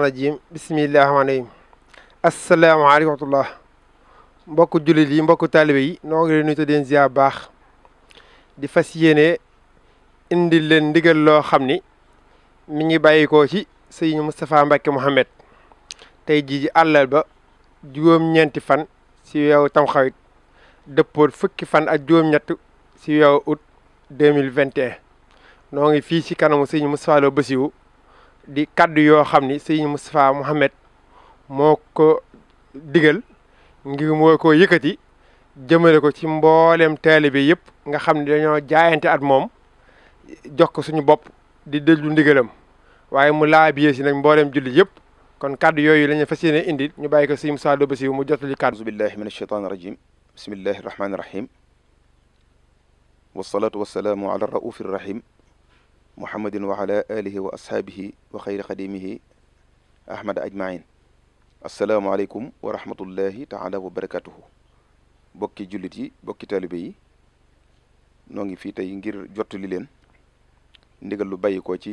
rajim bisimillahi rahmaani rahim asalaamaaleykum wa rahmatullah jullit yi mbokku taalibe yi noo ngi leen nuyu te baax di fas yéene indi leen ndigal loo xam ni mi ngi bàyyikoo ci sëñ Moustapha Mbacke Mouhamed tey jii ji àllal ba juróom-ñeenti fan si weeru tamxarit dëppoot fukki fan ak juróom-ñett si weeru août 2021 noo ngi fii ci kanamu sëñ Moustapha Lo Bassirou di kàddu yoo xam ni sëñ Moustapha Mouhamed moo ko digal ngir moo ko yëkkati jëmale ko ci mboolem taalibe yëpp nga xam ne dañoo jaayante at moom jox ko suñu bopp di déglu ndigalam waaye mu laabiyee si nag mboolem jullit yëpp kon kàddu yooyu la ñu fas yéene indi ñu bàyyi ko sëñ Moustapha Lo Bassirou mu jottali kàddu auzu billahi min ashaytaani rajim bismillahi rahmaani rahim wasalaatu wasalaamu ala raufi rahim muhammadin wa ala alihi wa ashaabihi wa xayri xadimihi ahmada ajmain asalaamaaleykum wa rahmatullahi taala wa barakatuhu bokki jullit yi bokki taalibe yi noo ngi fii tey ngir jottali leen ndigal lu bàyyi ci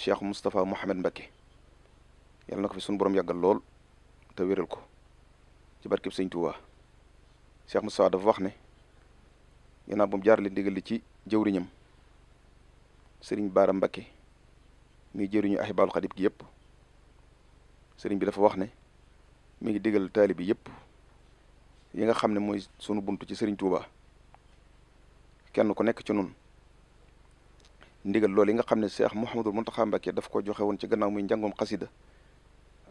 cheikh moustapha mohamad mbakke yàlla na ko fi sunu borom yàggal lool te wéral ko ci barkeb sëñ Tuubaa cheikh moustapha dafa wax ne gannaaw ba mu jaarale ndigal ci jëwriñam sëriñ Baara Mbakke muy jëriñu ahibaalu xadib gi yépp sëriñ bi dafa wax ne mi ngi digal taali bi yëpp yi nga xam ne mooy sunu bunt ci sëriñ Touba kenn ku nekk ci nun ndigal loolu yi nga xam ne Cheikh Mouhamadul Mountakha Mbakke daf ko joxe woon ci gannaaw muy njàngoom xasida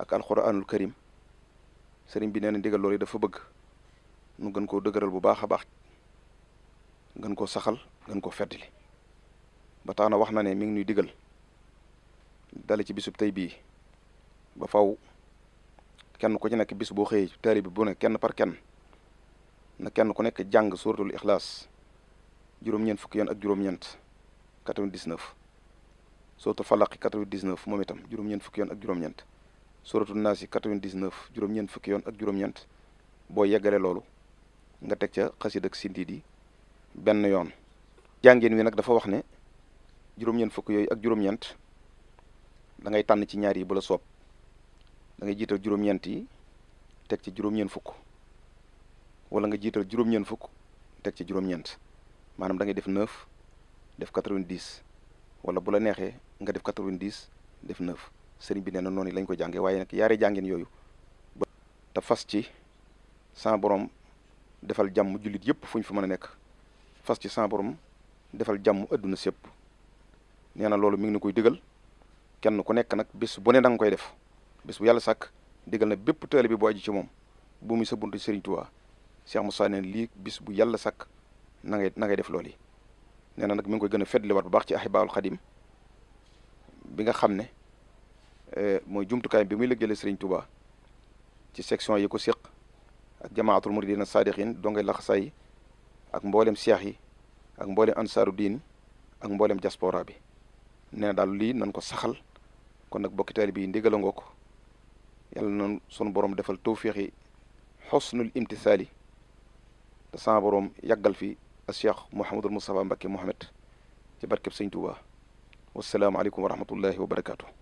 ak alxuraanul karim sëriñ bi nee na ndigal loolu yi dafa bëgg nu gën koo dëgëral bu baax a baax gën koo saxal gën koo feddali ba tax na wax na ne mi ngi nuy digal dale ci bisub tey bii ba faw kenn ku ci nekk bis boo xëyee taari bi bu ne kenn par kenn na kenn ku nekk jàng suratul ixlaas juróom-ñeent fukki yoon ak juróom-ñeent 99 suratul falaq 99 moom itam juróom-ñeent yoon ak juróom-ñeent suratul naas yi 99 juróom-ñeent fukki yoon ak juróom-ñeent boo yeggalee loolu nga teg ca xasid ak sindiid benn yoon jàngeen wi nag dafa wax ne juróom-ñeent fukk yooyu ak juróom-ñeent da ngay tànn ci ñaar yi bu la soob da ngay jiital juróom-ñeent yi teg ci juróom-ñeent fukk wala nga jiital juróom fukk teg ci juróom maanaam da ngay def 9 def 90 wala bu la neexee nga def 90 def 9 sëriñ bi nee na yi lañ ko jàngee waaye nag yaare jàngeen yooyu te fas ci sans borom defal jàmm jullit yëpp fuñ ñu fi mën a nekk fas ci sans borom defal jàmm adduna sépp nee na loolu mi ngi ni koy digal kenn ku nekk nag bis bu ne da nga koy def bis bu yàlla sàkk digal na bépp taalibe bi boo aju ci moom bu muy sa buntu Serigne Touba Cheikh Moussa ne lii bis bu yàlla sàkk na ngay na ngay def loolu yi nee na nag mi ngi koy gën a fëddaliwaat bu baax ci Ahibahil Khadim bi nga xam ne eh, mooy jumtukaay bi muy liggéeyal Serigne Touba ci section yi ko séq ak jamaatul muridina saadiqin dongay laxasaa yi ak mboolem seex yi ak mboolem ansaaru diin ak mboolem diaspora bi. nee daal lii nan ko saxal kon nag bokki taalibe yi ndigal nga ko yàlla noonu sunu borom defal tawfiixi xusnul imtisaali te sama borom yàggal fi Cheikh Mouhamadul Moustapha Mbacké Mohamed ci barkeb Sëñ Tuuba wassalaamu aleykum wa rahmatullahi wa barakaatu.